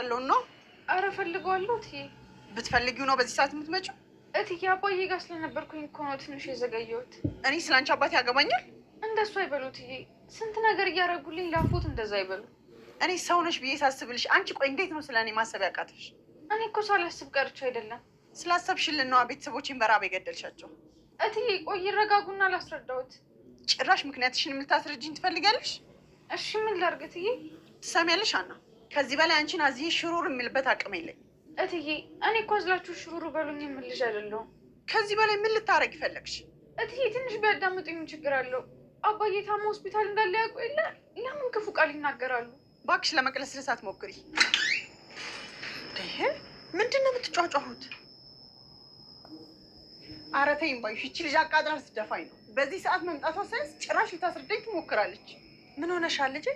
ያለውን ነው። አረ ፈልገዋለሁ እትዬ። ብትፈልጊው ነው በዚህ ሰዓት የምትመጪው? እትዬ አባዬ ጋር ስለነበርኩኝ እኮ ነው ትንሽ የዘገየሁት። እኔ ስለ አንቺ አባት ያገባኛል? እንደሱ አይበሉ እትዬ። ስንት ነገር እያደረጉልኝ ላፎት፣ እንደዛ አይበሉ። እኔ ሰው ነሽ ብዬ ሳስብልሽ፣ አንቺ ቆይ እንዴት ነው ስለ እኔ ማሰብ ያቃተሽ? እኔ እኮ ሳላስብ ቀርቼ አይደለም፣ ስላሰብሽልን ነዋ። ቤተሰቦቼን በራብ የገደልሻቸው። እትዬ ቆይ ይረጋጉና ላስረዳሁት። ጭራሽ ምክንያትሽን የምታስረጅኝ ትፈልጋለሽ? እሺ ምን ላድርግ እትዬ? ትሰሚያለሽ አና ከዚህ በላይ አንቺን አዝዬ ሽሩር የሚልበት አቅም የለኝ። እትዬ እኔ እኮ አዝላችሁ ሽሩሩ በሉኝ የምልሽ አይደለሁም። ከዚህ በላይ ምን ልታረግ ይፈለግሽ? እትዬ ትንሽ ቢያዳምጡኝ ችግር አለው። አባዬ ታማ ሆስፒታል እንዳለ ያውቁ የለ ለምን ክፉ ቃል ይናገራሉ? እባክሽ ለመቅለስ ልሳት ሞክሪ። ምንድን ነው የምትጫጫሁት? ኧረ ተይኝ ይቺ ልጅ አቃጥራ ስትደፋኝ ነው። በዚህ ሰዓት መምጣቷ ሳይንስ ጭራሽ ልታስረዳኝ ትሞክራለች። ምን ሆነሻል ልጄ?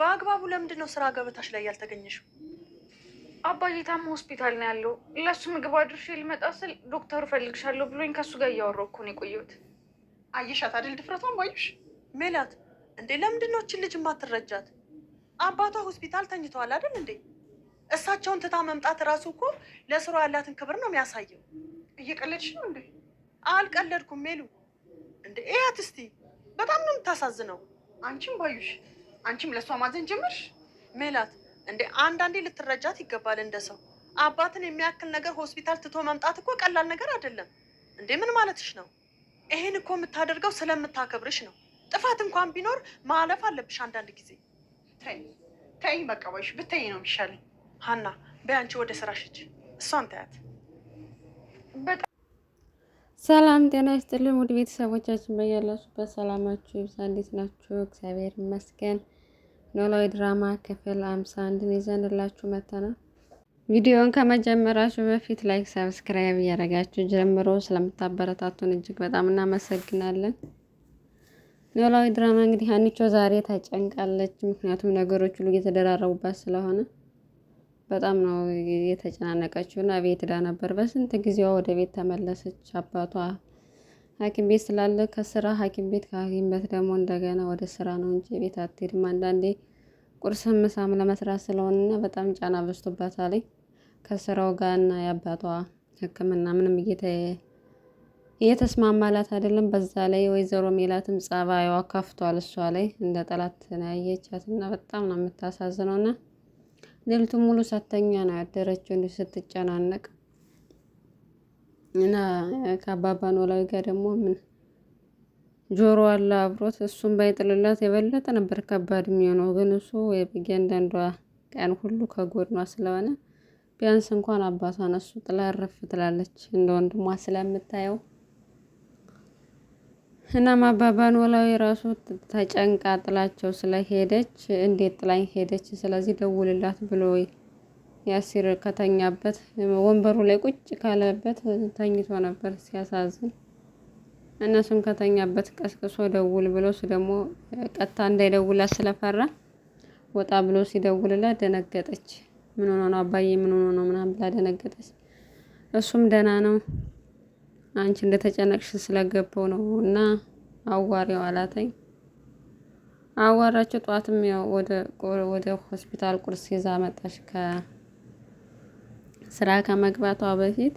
በአግባቡ ለምንድን ነው ስራ ገበታሽ ላይ ያልተገኘሽው? አባዬ ታሞ ሆስፒታል ነው ያለው። ለሱ ምግብ አድርሼ ልመጣ ስል ዶክተሩ ፈልግሻለሁ ብሎኝ ከሱ ጋር እያወራሁ እኮ ነው የቆየሁት። አየሻት አይደል ድፍረቷን። ባዩሽ ሜላት፣ እንዴ ለምንድን ነው እችን ልጅ ማትረጃት? አባቷ ሆስፒታል ተኝተዋል አይደል እንዴ? እሳቸውን ትታ መምጣት እራሱ እኮ ለስራ ያላትን ክብር ነው የሚያሳየው። እየቀለድሽ ነው እንዴ? አልቀለድኩም ሜሉ። እንዴ እያት እስቲ በጣም ነው የምታሳዝነው። አንቺም ባዩሽ አንቺም ለእሷ ማዘን ጀመርሽ ሜላት? እንዴ አንዳንዴ ልትረጃት ይገባል። እንደ ሰው አባትን የሚያክል ነገር ሆስፒታል ትቶ መምጣት እኮ ቀላል ነገር አይደለም። እንዴ ምን ማለትሽ ነው? ይሄን እኮ የምታደርገው ስለምታከብርሽ ነው። ጥፋት እንኳን ቢኖር ማለፍ አለብሽ አንዳንድ ጊዜ። ተይ ተይ፣ መቀበልሽ ብትይ ነው የሚሻለኝ። ሀና በይ አንቺ ወደ ስራሽ ሂጂ፣ እሷን ተያት። ሰላም ጤና ይስጥልን ውድ ቤተሰቦቻችን በያላችሁበት ሰላማችሁ ይብዛ። እንዴት ናችሁ? እግዚአብሔር ይመስገን። ኖላዊ ድራማ ክፍል አምሳ አንድን ይዘንላችሁ መተናል። ቪዲዮውን ከመጀመራችሁ በፊት ላይክ፣ ሰብስክራይብ እያደረጋችሁ ጀምሮ ስለምታበረታቱን እጅግ በጣም እናመሰግናለን። ኖላዊ ድራማ እንግዲህ ሀኒቾ ዛሬ ተጨንቃለች። ምክንያቱም ነገሮች ሁሉ እየተደራረቡባት ስለሆነ በጣም ነው የተጨናነቀችው እና ቤት ዳ ነበር። በስንት ጊዜዋ ወደ ቤት ተመለሰች። አባቷ ሐኪም ቤት ስላለ ከስራ ሐኪም ቤት ከሐኪም ቤት ደግሞ እንደገና ወደ ስራ ነው እንጂ ቤት አትሄድም። አንዳንዴ ቁርስም ምሳም ለመስራት ስለሆነና በጣም ጫና በዝቶባታል። ከስራው ጋርና የአባቷ ሕክምና ምንም እየተስማማላት አይደለም። በዛ ላይ ወይዘሮ ሜላትም ጸባይዋ ከፍቷል እሷ ላይ እንደ ጠላት ያየቻት እና በጣም ነው የምታሳዝነውና ሌሊቱ ሙሉ ሳተኛ ነው ያደረችው እንዲህ ስትጨናነቅ እና ከአባባ ኖላዊ ጋር ደግሞ ምን ጆሮ አለ አብሮት። እሱም ባይጥልላት የበለጠ ነበር ከባድ የሚሆነው፣ ግን እሱ እያንዳንዷ ቀን ሁሉ ከጎድኗ ስለሆነ ቢያንስ እንኳን አባቷን እሱ ጥላ እረፍ ትላለች እንደ ወንድሟ ስለምታየው እናም አባባን ኖላዊ ራሱ ተጨንቃ ጥላቸው ስለሄደች እንዴት ጥላኝ ሄደች፣ ስለዚህ ደውልላት ብሎ ያሲር ከተኛበት ወንበሩ ላይ ቁጭ ካለበት ተኝቶ ነበር። ሲያሳዝን እነሱም ከተኛበት ቀስቅሶ ደውል ብሎ እሱ ደግሞ ቀጥታ እንዳይደውላት ስለፈራ ወጣ ብሎ ሲደውልላት ደነገጠች። ምን ሆኖ ነው አባዬ፣ ምን ሆኖ ነው ምናምን ብላ ደነገጠች። እሱም ደህና ነው አንቺ እንደተጨነቅሽ ስለገባው ነው እና አዋሪው አላተኝ አዋራቸው። ጠዋትም ያው ወደ ሆስፒታል ቁርስ ይዛ መጣሽ ከስራ ከመግባቷ በፊት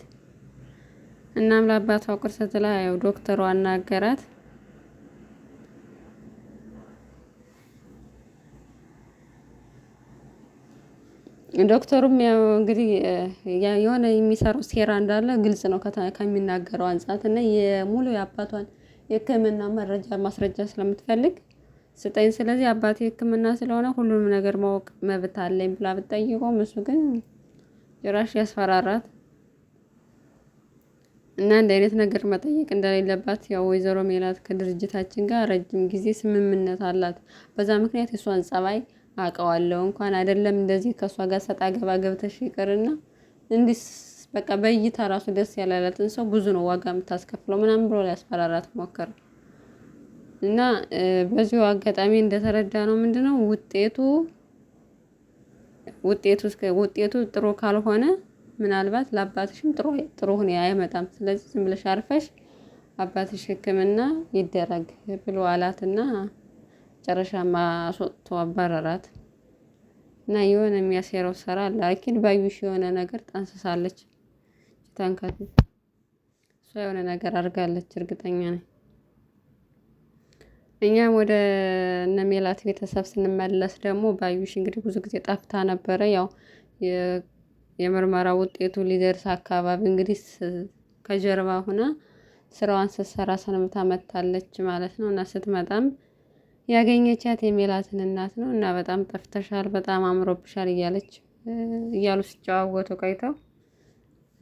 እናም ለአባቷ ቁርስ ትላ ያው ዶክተሯ አናገራት። ዶክተሩም ያው እንግዲህ የሆነ የሚሰራው ሴራ እንዳለ ግልጽ ነው ከሚናገረው አንጻት እና የሙሉ የአባቷን የሕክምና መረጃ ማስረጃ ስለምትፈልግ ስጠኝ፣ ስለዚህ አባቴ ሕክምና ስለሆነ ሁሉንም ነገር ማወቅ መብት አለኝ ብላ ብትጠይቀውም እሱ ግን ጭራሽ ያስፈራራት እና እንደ አይነት ነገር መጠየቅ እንደሌለባት ያው ወይዘሮ ሜላት ከድርጅታችን ጋር ረጅም ጊዜ ስምምነት አላት። በዛ ምክንያት የእሷን ጸባይ አውቀዋለሁ። እንኳን አይደለም እንደዚህ ከእሷ ጋር ሰጣ ገባ ገብተሽ ይቅርና እንዲህ በቃ በእይታ ራሱ ደስ ያላላትን ሰው ብዙ ነው ዋጋ የምታስከፍለው ምናምን ብሎ ሊያስፈራራት ሞከረ እና በዚሁ አጋጣሚ እንደተረዳ ነው ነው ውጤቱ ውጤቱ ጥሩ ካልሆነ ምናልባት ለአባትሽም ጥሩ ሁኔ አይመጣም። ስለዚህ ዝም ብለሽ አርፈሽ አባትሽ ሕክምና ይደረግ ብሎ አላትና መጨረሻ ማስወጥቶ አባረራት እና የሆነ የሚያሴረው ስራ አለ። አኪል ባዩሽ የሆነ ነገር ጠንስሳለች። ታንካት እሷ የሆነ ነገር አድርጋለች፣ እርግጠኛ ነኝ። እኛም ወደ እነ ሜላት ቤተሰብ ስንመለስ ደግሞ ባዩሽ እንግዲህ ብዙ ጊዜ ጠፍታ ነበረ። ያው የምርመራ ውጤቱ ሊደርስ አካባቢ እንግዲህ ከጀርባ ሁና ስራዋን ስትሰራ ሰንብታ መታለች ማለት ነው እና ስትመጣም ያገኘቻት የሜላትን እናት ነው እና በጣም ጠፍተሻል፣ በጣም አምሮብሻል እያለች እያሉ ሲጨዋወቱ ቆይተው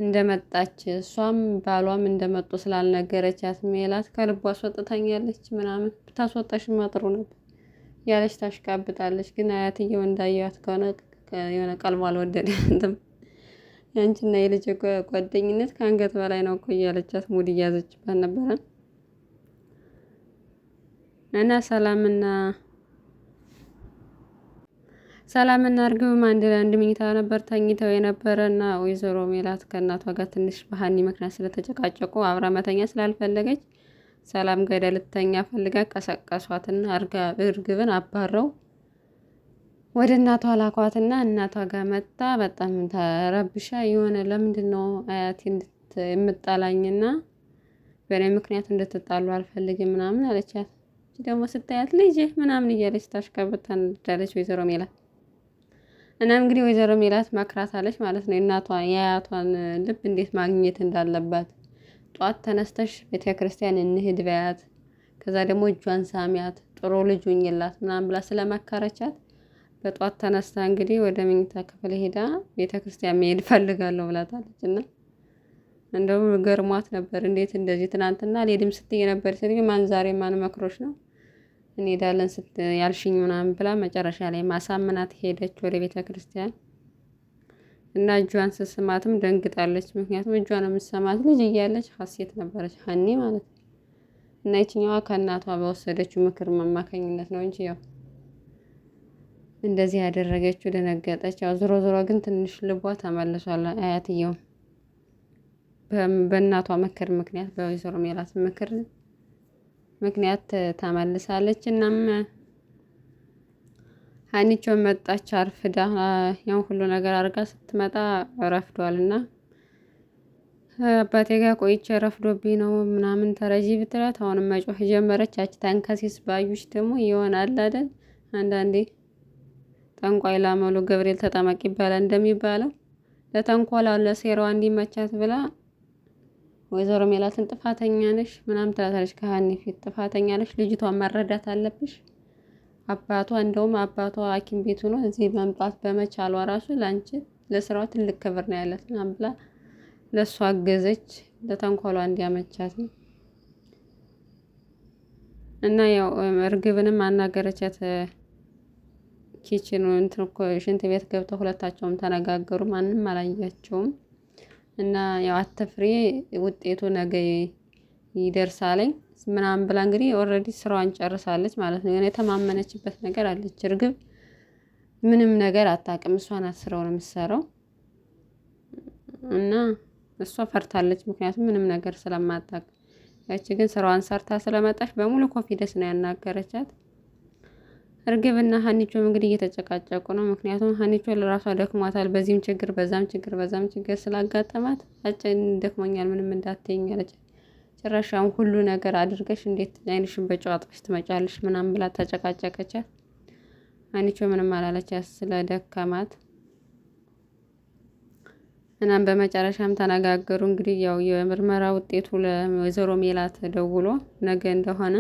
እንደመጣች እሷም ባሏም እንደመጡ ስላልነገረቻት ሜላት ከልቧ አስወጥታኛለች ምናምን ብታስወጣሽ ጥሩ ነበር ያለች ታሽቃብጣለች። ግን አያትየው እንዳየዋት ከሆነ የሆነ ቀልቧ አልወደዳትም። ያንቺና የልጅ ጓደኝነት ከአንገት በላይ ነው እኮ እያለቻት ሙድ እያዘችባት ነበረ። እና ሰላምና ሰላምና እርግብም አንድ ለአንድ መኝታ ነበር ተኝተው የነበረ እና ወይዘሮ ሜላት ከእናቷ ጋር ትንሽ ባህኒ ምክንያት ስለተጨቃጨቁ አብራ መተኛ ስላልፈለገች ሰላም ገደል ልተኛ ፈልጋ ቀሰቀሷትና እርግብን አባረው ወደ እናቷ ላኳትና እናቷ ጋር መጣ። በጣም ተረብሻ የሆነ ለምንድን ነው አያቴ የምጣላኝና በእኔ ምክንያት እንድትጣሉ አልፈልግም ምናምን አለቻት። ደግሞ ስታያት ልጅ ምናምን እያለች ታሽካበት ወይዘሮ ሜላት እና እንግዲህ ወይዘሮ ሜላት መክራታለች ማለት ነው። እናቷ የአያቷን ልብ እንዴት ማግኘት እንዳለባት ጧት ተነስተሽ ቤተክርስቲያን እንሂድ በያት፣ ከዛ ደግሞ እጇን ሳሚያት፣ ጥሩ ልጅ ሁኝላት ምናምን ብላ ስለመከረቻት በጧት ተነስታ እንግዲህ ወደ መኝታ ክፍል ሄዳ ቤተክርስቲያን መሄድ ፈልጋለሁ ብላታለች እና እንደውም ገርሟት ነበር። እንዴት እንደዚህ ትናንትና ሌድም ስትይ ነበር ስል ማን ዛሬ ማን መክሮች ነው እንሄዳለን ስት ያልሽኝ ምናምን ብላ መጨረሻ ላይ ማሳምናት ሄደች ወደ ቤተ ክርስቲያን እና እጇን ስስማትም ደንግጣለች። ምክንያቱም እጇን የምሰማት ልጅ እያለች ሀሴት ነበረች ሀኒ ማለት ነው። እና የትኛዋ ከእናቷ በወሰደችው ምክር አማካኝነት ነው እንጂ ያው እንደዚህ ያደረገችው ደነገጠች። ያው ዞሮ ዞሮ ግን ትንሽ ልቧ ተመልሷል አያትየውም በእናቷ ምክር ምክንያት በወይዘሮ ሜላት ምክር ምክንያት ተመልሳለች። እናም ሀኒቾ መጣች አርፍዳ። ያው ሁሉ ነገር አድርጋ ስትመጣ ረፍዷል እና አባቴ ጋር ቆይቼ ረፍዶብኝ ነው ምናምን ተረጂ ብትላት አሁንም መጮህ ጀመረች። ያቺ ተንከሲስ ባዩች ደግሞ ይሆናል አይደል አንዳንዴ ጠንቋይ ላመሉ ገብርኤል ተጠመቅ ይባላል እንደሚባለው ለተንኮላ ለሴራዋ እንዲመቻት ብላ ወይዘሮ ሜላትን ጥፋተኛ ነሽ ምናምን ትላታለች። ከሀኒ ፊት ጥፋተኛ ነሽ፣ ልጅቷን መረዳት አለብሽ። አባቷ እንደውም አባቷ ሐኪም ቤት ሆኖ እዚህ መምጣት በመቻሏ ራሱ ለአንቺ ለስራዋ ትልቅ ክብር ነው ያለት ምናምን ብላ ለእሷ አገዘች። ለተንኮሏ እንዲያመቻት ነው እና ያው እርግብንም አናገረቻት። ኪችን ሽንት ቤት ገብተው ሁለታቸውም ተነጋገሩ። ማንም አላያቸውም። እና ያው አትፍሪ ውጤቱ ነገ ይደርሳለኝ ምናምን ብላ እንግዲህ ኦልሬዲ ስራዋን ጨርሳለች ማለት ነው። የተማመነችበት ነገር አለች። እርግብ ምንም ነገር አታውቅም። እሷ ናት ነው የምትሰራው እና እሷ ፈርታለች፣ ምክንያቱም ምንም ነገር ስለማታውቅ። ያቺ ግን ስራዋን ሰርታ ስለመጣች በሙሉ ኮንፊደንስ ነው ያናገረቻት። እርግብና ሀኒቾም እንግዲህ እየተጨቃጨቁ ነው። ምክንያቱም ሀኒቾ ለራሷ ደክሟታል። በዚህም ችግር በዛም ችግር በዛም ችግር ስላጋጠማት አጭን ደክሞኛል፣ ምንም እንዳትኛለች ጭራሻም ሁሉ ነገር አድርገሽ እንዴት አይንሽን በጨው ትመጫለሽ ምናም ብላ ተጨቃጨቀቻት። ሀኒቾ ምንም ስለ ስለደከማት። እናም በመጨረሻም ተነጋገሩ። እንግዲህ ያው የምርመራ ውጤቱ ለወይዘሮ ሜላት ደውሎ ነገ እንደሆነ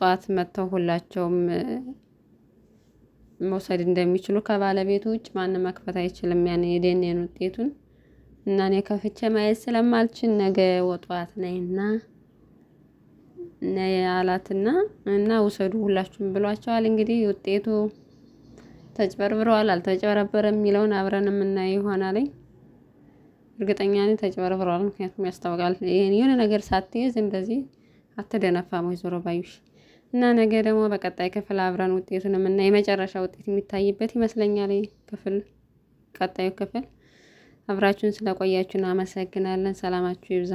ጠዋት መጥተው ሁላቸውም መውሰድ እንደሚችሉ ከባለቤቱ ውጭ ማንም መክፈት አይችልም። ያን የደኔን ውጤቱን እና እኔ ከፍቼ ማየት ስለማልችል ነገ ወጧት ነይና አላትና እና ውሰዱ ሁላችሁም ብሏቸዋል። እንግዲህ ውጤቱ ተጭበርብረዋል አልተጭበረበረም የሚለውን አብረን የምናየው ይሆናል። እርግጠኛ ነኝ ተጭበርብረዋል። ምክንያቱም ያስታውቃል። ይህን የሆነ ነገር ሳትይዝ እንደዚህ አትደነፋም ወይ ዞሮ ባዩሽ እና ነገ ደግሞ በቀጣይ ክፍል አብረን ውጤቱንም እና የመጨረሻ ውጤት የሚታይበት ይመስለኛል ክፍል ቀጣዩ ክፍል። አብራችሁን ስለቆያችሁን አመሰግናለን። ሰላማችሁ ይብዛ።